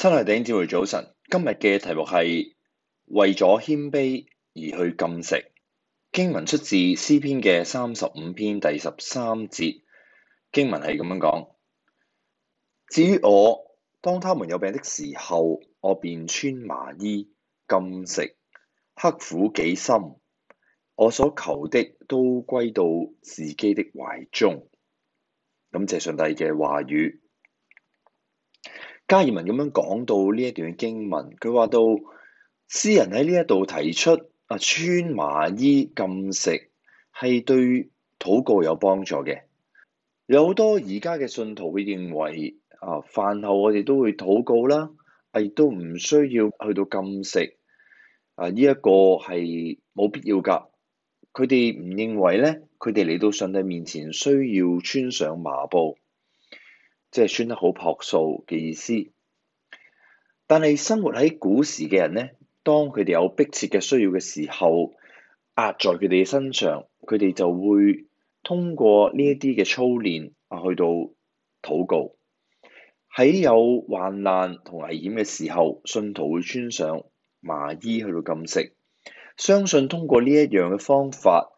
親愛的弟兄早晨，今日嘅題目係為咗謙卑而去禁食，經文出自詩篇嘅三十五篇第十三節，經文係咁樣講：至於我，當他們有病的時候，我便穿麻衣禁食，刻苦己心，我所求的都歸到自己的懷中。感謝上帝嘅話語。加爾文咁樣講到呢一段經文，佢話到詩人喺呢一度提出啊，穿麻衣禁食係對禱告有幫助嘅。有好多而家嘅信徒會認為啊，飯後我哋都會禱告啦，亦、啊、都唔需要去到禁食啊，呢一個係冇必要㗎。佢哋唔認為咧，佢哋嚟到上帝面前需要穿上麻布。即係穿得好樸素嘅意思，但係生活喺古時嘅人呢，當佢哋有迫切嘅需要嘅時候，壓在佢哋身上，佢哋就會通過呢一啲嘅操練啊，去到禱告。喺有患難同危險嘅時候，信徒會穿上麻衣去到禁食。相信通過呢一樣嘅方法，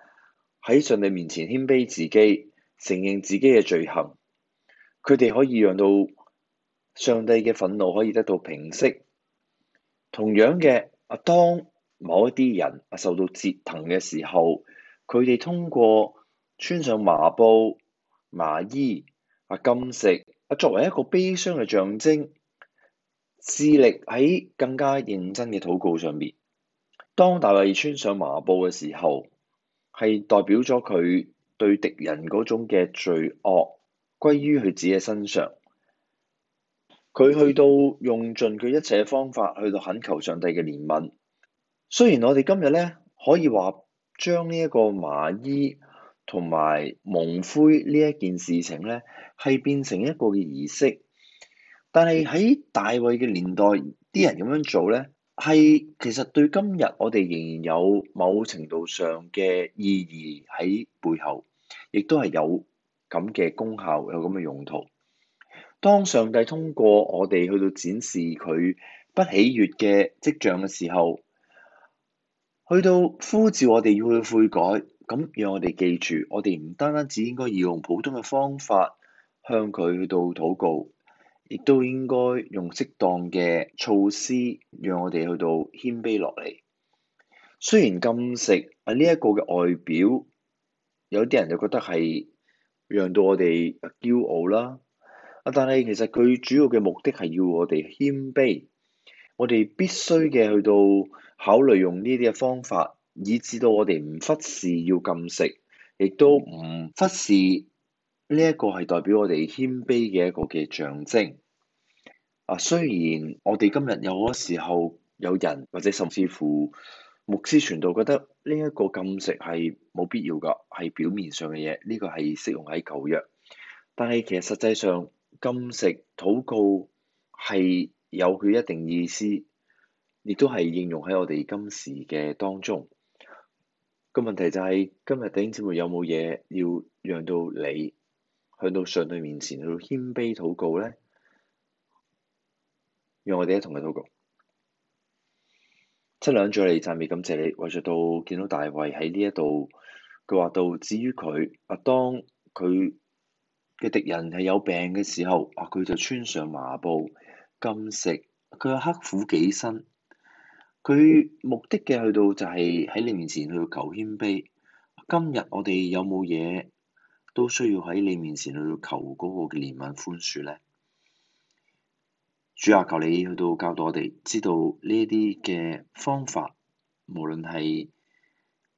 喺上帝面前謙卑自己，承認自己嘅罪行。佢哋可以讓到上帝嘅憤怒可以得到平息。同樣嘅，啊，當某一啲人啊受到折騰嘅時候，佢哋通過穿上麻布、麻衣、啊禁食啊，作為一個悲傷嘅象徵，致力喺更加認真嘅禱告上面。當大衛穿上麻布嘅時候，係代表咗佢對敵人嗰種嘅罪惡，歸於佢自己身上，佢去到用盡佢一切方法，去到懇求上帝嘅憐憫。雖然我哋今日呢，可以話將呢一個麻衣同埋蒙灰呢一件事情呢，係變成一個嘅儀式，但係喺大衛嘅年代，啲人咁樣做呢，係其實對今日我哋仍然有某程度上嘅意義喺背後，亦都係有。咁嘅功效，有咁嘅用途。當上帝通過我哋去到展示佢不喜悅嘅跡象嘅時候，去到呼召我哋要去悔改，咁讓我哋記住，我哋唔單單只應該要用普通嘅方法向佢去到禱告，亦都應該用適當嘅措施，讓我哋去到謙卑落嚟。雖然禁食啊，呢一個嘅外表有啲人就覺得係。讓到我哋驕傲啦，啊！但係其實佢主要嘅目的係要我哋謙卑，我哋必須嘅去到考慮用呢啲嘅方法，以至到我哋唔忽視要禁食，亦都唔忽視呢一個係代表我哋謙卑嘅一個嘅象徵。啊，雖然我哋今日有嗰時候有人或者甚至乎。牧師傳道覺得呢一個禁食係冇必要㗎，係表面上嘅嘢，呢、這個係適用喺舊約。但係其實實際上禁食、禱告係有佢一定意思，亦都係應用喺我哋今時嘅當中。個問題就係、是、今日弟兄姊妹有冇嘢要讓到你去到上帝面前去謙卑禱告咧？讓我哋一同去禱告。出兩助嚟讚美感謝你，為著到見到大衞喺呢一度，佢話到至於佢，啊當佢嘅敵人係有病嘅時候，啊佢就穿上麻布，禁食，佢刻苦己身，佢目的嘅去到就係喺你面前去求謙卑。今日我哋有冇嘢都需要喺你面前去求嗰個嘅憐憫寬恕咧？主阿，求你去到教導我哋，知道呢一啲嘅方法，無論係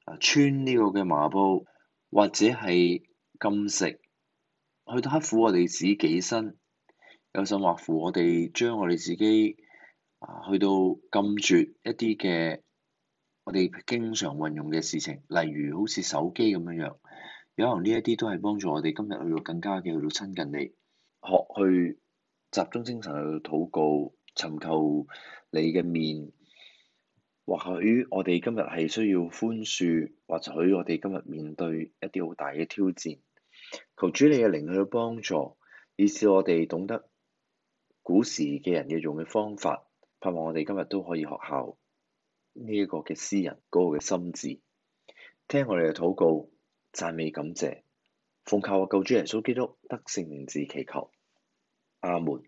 啊穿呢個嘅麻布，或者係禁食，去到刻苦我哋自己幾身，有甚或乎我哋將我哋自己啊去到禁絕一啲嘅我哋經常運用嘅事情，例如好似手機咁樣樣，有可能呢一啲都係幫助我哋今日去到更加嘅去到親近你，學去。集中精神去禱告，尋求你嘅面。或許我哋今日係需要寬恕，或許我哋今日面對一啲好大嘅挑戰。求主你嘅靈去幫助，以示我哋懂得古時嘅人要用嘅方法。盼望我哋今日都可以學效呢一個嘅詩人嗰個嘅、那個、心智。聽我哋嘅禱告、讚美、感謝，奉靠我救主耶穌基督得勝名字祈求。阿門。